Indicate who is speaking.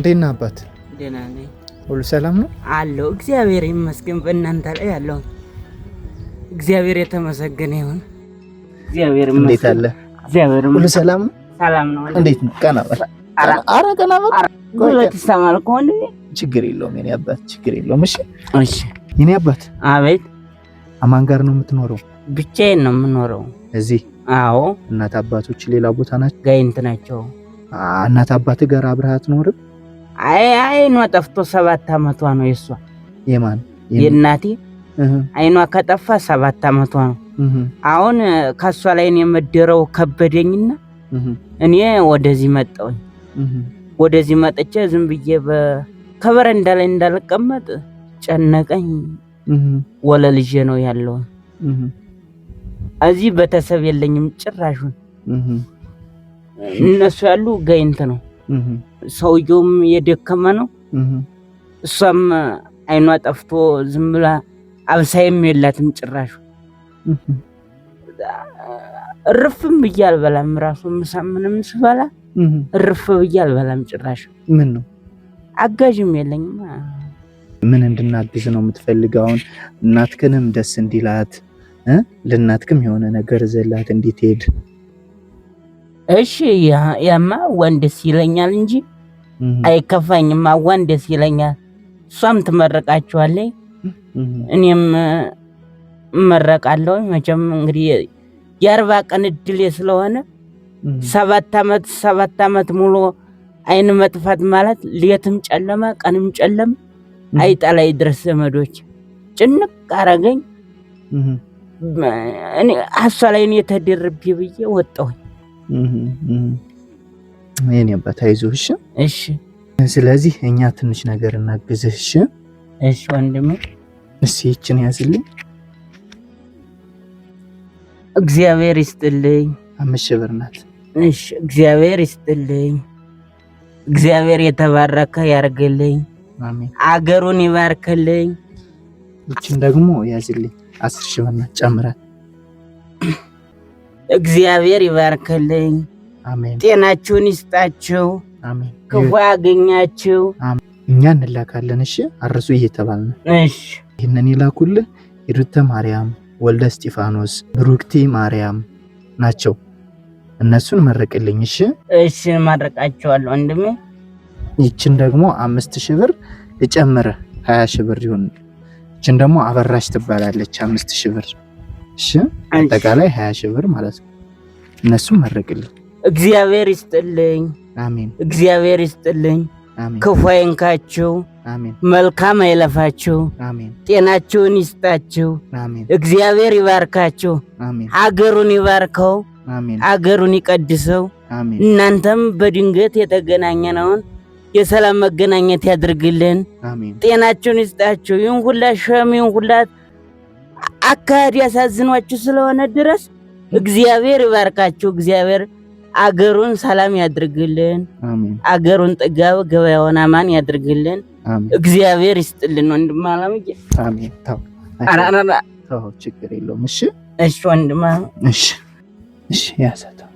Speaker 1: እንዴት ነህ አባት? ደህና ነኝ። ሁሉ ሰላም ነው
Speaker 2: አለው። እግዚአብሔር ይመስገን። በእናንተ ላይ ያለው እግዚአብሔር የተመሰገነ ይሁን። እግዚአብሔር ይመስገን። እንዴት አለ?
Speaker 1: እግዚአብሔር ሁሉ ሰላም ነው። ሰላም ነው። እንዴት ነው? ቀና በላ።
Speaker 2: ኧረ ቀና በላ። ጉልበት ይሰማል እኮ ወንድሜ።
Speaker 1: ችግር የለውም የኔ አባት፣ ችግር የለውም። እሺ፣ እሺ የኔ አባት። አቤት። አማን ጋር ነው የምትኖረው?
Speaker 2: ብቻዬን ነው የምኖረው እዚህ። አዎ።
Speaker 1: እናት አባቶች ሌላ ቦታ ናቸው?
Speaker 2: ጋይንት ናቸው።
Speaker 1: እናት አባት ጋር አብረሃት ኖርም
Speaker 2: አይ አይኗ ጠፍቶ ሰባት አመቷ ነው የሷ የማን የእናቴ አይኗ ከጠፋ ሰባት አመቷ ነው። አሁን ከሷ ላይ ነው የመደረው ከበደኝና እኔ ወደዚህ መጣሁኝ። ወደዚህ መጥቼ ዝም ብዬ ከበረንዳ ላይ እንዳልቀመጥ ጨነቀኝ። ወለልጄ ነው ያለውን እዚህ ቤተሰብ የለኝም ጭራሹን እነሱ ያሉ ገይንት ነው ሰውየውም የደከመ ነው። እሷም አይኗ ጠፍቶ ዝም ብላ አብሳይም የላትም ጭራሹ። እርፍም ብዬ አልበላም ራሱ ምሳ ምንም ስበላ እርፍ ብዬ አልበላም ጭራሹ። ምን ነው አጋዥም የለኝም።
Speaker 1: ምን እንድናግዝ ነው የምትፈልገውን? እናትክንም ደስ እንዲላት ለእናትክም የሆነ ነገር ዘላት እንዲትሄድ።
Speaker 2: እሺ። ያማ ወንድ ይለኛል እንጂ አይከፋኝም። አዋን ደስ ይለኛል። እሷም ትመረቃችኋለች፣ እኔም እመረቃለሁ። መቼም እንግዲህ የአርባ ቀን እድሌ ስለሆነ ሰባት ዓመት ሰባት ዓመት ሙሉ አይን መጥፋት ማለት ሌትም ጨለማ ቀንም ጨለማ አይጠላይ ድረስ ዘመዶች ጭንቅ አረገኝ። እኔ ላይ እኔ ተደርቤ ብዬ ወጣሁኝ።
Speaker 1: የኔ አባት አይዞህ እሺ። እሺ። ስለዚህ እኛ ትንሽ ነገር እናግዝህ እሺ። እሺ ወንድሜ። እሺ ይችን ያዝልኝ።
Speaker 2: እግዚአብሔር ይስጥልኝ።
Speaker 1: አምስት ብር ናት።
Speaker 2: እሺ። እግዚአብሔር ይስጥልኝ። እግዚአብሔር የተባረከ ያርግልኝ። አሜን። አገሩን ይባርክልኝ።
Speaker 1: ይችን ደግሞ ያዝልኝ። አስር ሺህ ብር ናት። ጨምራት።
Speaker 2: እግዚአብሔር ይባርክልኝ። ጤናችሁን ይስጣችሁ፣ ክፉ ያገኛችሁ።
Speaker 1: እኛ እንላካለን። እሺ አርሱ እየተባልን እሺ። ይህንን ይላኩልህ ሂሩተ ማርያም፣ ወልደ እስጢፋኖስ፣ ብሩክቲ ማርያም ናቸው። እነሱን መረቅልኝ። እሺ
Speaker 2: እሺ፣ ማረቃቸዋለሁ ወንድሜ።
Speaker 1: ይችን ደግሞ አምስት ሺህ ብር እጨምር፣ ሀያ ሺህ ብር ይሁን። ይችን ደግሞ አበራሽ ትባላለች፣ አምስት ሺህ ብር። እሺ አጠቃላይ ሀያ ሺህ ብር ማለት ነው። እነሱን መረቅልኝ።
Speaker 2: እግዚአብሔር ይስጥልኝ። አሜን። እግዚአብሔር ይስጥልኝ። ክፉ አይንካችሁ። መልካም አይለፋችሁ። ጤናችሁን ይስጣችሁ። እግዚአብሔር ይባርካችሁ። አገሩን ይባርከው። አገሩን ይቀድሰው። እናንተም በድንገት የተገናኘነውን የሰላም መገናኘት ያድርግልን። ጤናችሁን ይስጣችሁ። ይህን ሁላ ሸም ይህን ሁላ አካሄድ ያሳዝኗችሁ ስለሆነ ድረስ እግዚአብሔር ይባርካችሁ። እግዚአብሔር አገሩን ሰላም ያድርግልን። አገሩን ጥጋብ ገበያውን አማን ያድርግልን። እግዚአብሔር ይስጥልን። ወንድም አላምዬ
Speaker 1: አሜን። ተው ተው፣ ችግር የለውም። እሺ እሺ፣ ወንድማ እሺ፣ እሺ፣ ያሰተው